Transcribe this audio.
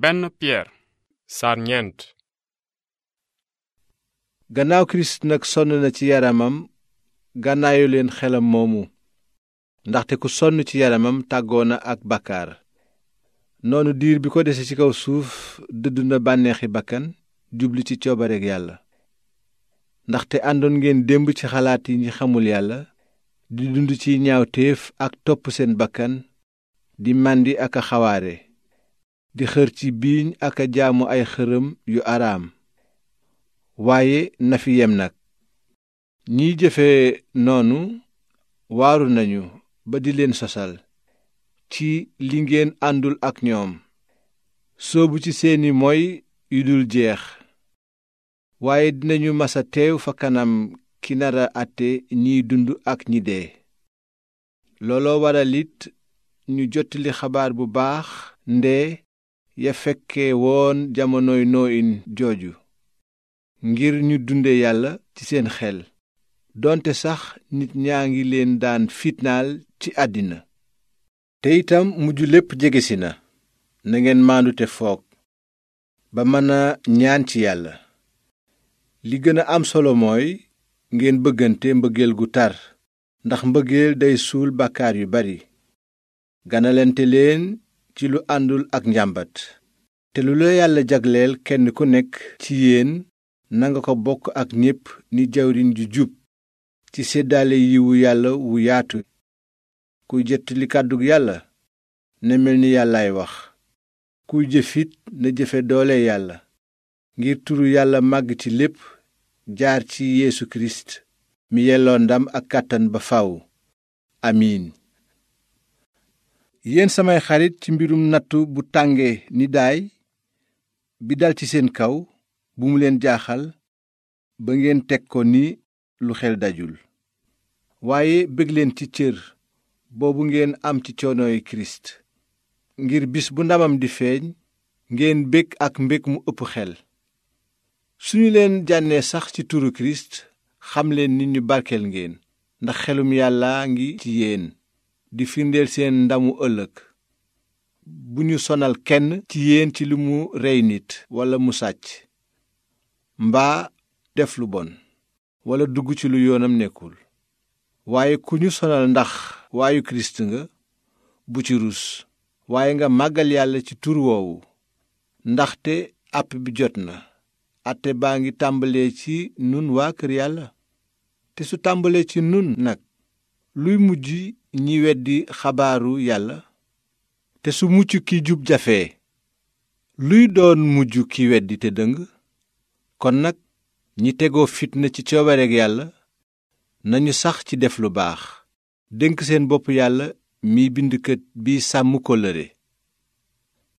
benn Pierre saar gannaaw kirist nag sonn na ci yaramam gànnaayu leen xelam moomu ndaxte ku sonn ci yaramam tàggoo na ak bàkkaar noonu diir bi ko dese ci kaw suuf dëdd na bànneexi bakkan jubli ci coobareeg yàlla ndaxte àndoon ngeen démb ci xalaat yi ñi xamul yàlla di dund ci ñaawteef ak topp seen bakkan di màndi ak a xawaare di xër ci biiñ ak a jaamu ay xërëm yu araam waaye na fi yem nag ñiy jëfe noonu waaru nañu ba di leen sosal ci li ngeen àndul ak ñoom soobu ci seeni moy yu dul jeex waaye dinañu masa teew fa kanam ki nara àtte ñiy dund ak ñi dee looloo waral it ñu jottali xabaar bu baax ndee ya fekke woon jamonoy nooyin jooju ngir ñu dunde yàlla ci seen xel doonte sax nit ñaa ngi leen daan fitnaal ci àddina te itam mujj lépp jegesi na na ngeen maandu te foog ba mën a ñaan ci yàlla li gëna am solo mooy ngeen bëggante mbëggeel gu tar ndax mbëggeel day suul bàkkaar yu bari ganalante leen ci lu àndul ak njàmbat te lu la yàlla jagleel kenn ku nekk ci yéen nanga ko bokk ak ñépp ni jawriñ ju jub ci séddaale yiwu yàlla wu yaatu kuy jettali kàddug yàlla na ni yàllaay wax kuy jëfit na jëfe doole yàlla ngir turu yàlla màgg ci lépp jaar ci yéesu Kirist mi yelloo ndam ak kàttan ba faw amiin yéen samay xarit ci mbirum nattu bu tàngee ni daay bi dal ci seen kaw bu mu leen jaaxal ba ngeen teg ko ni lu xel dajul waaye bég leen ci cër boobu ngeen am ci coonooy kirist ngir bis bu ndamam di feeñ ngeen bég ak mbég mu ëpp xel suñu leen jànnee sax ci turu kirist xam leen ni ñu barkeel ngeen ndax xelum yàlla ngi ci yéen di firndeel seen ndamu ëllëg bu ñu sonal kenn ci yéen ci li mu rey nit walla mu sàcc mbaa def lu bon walla dugg ci lu yoonam nekkul waaye ku ñu sonal ndax waayu kirist nga bu ci rus waaye nga màggal yàlla ci tur woowu ndaxte àpp bi jot na àtte baa ngi tàmbalee ci nun waa kër yàlla te su tàmbalee ci nun nag luy mujj ñi weddi xabaaru yàlla te su mucc ki jub jafee luy doon mujj ki weddi te dëng kon nag ñi tegoo fitna ci coobareeg yàlla nañu sax ci def lu baax dénk seen bopp yàlla miy bindkat bi sàmm kóllëre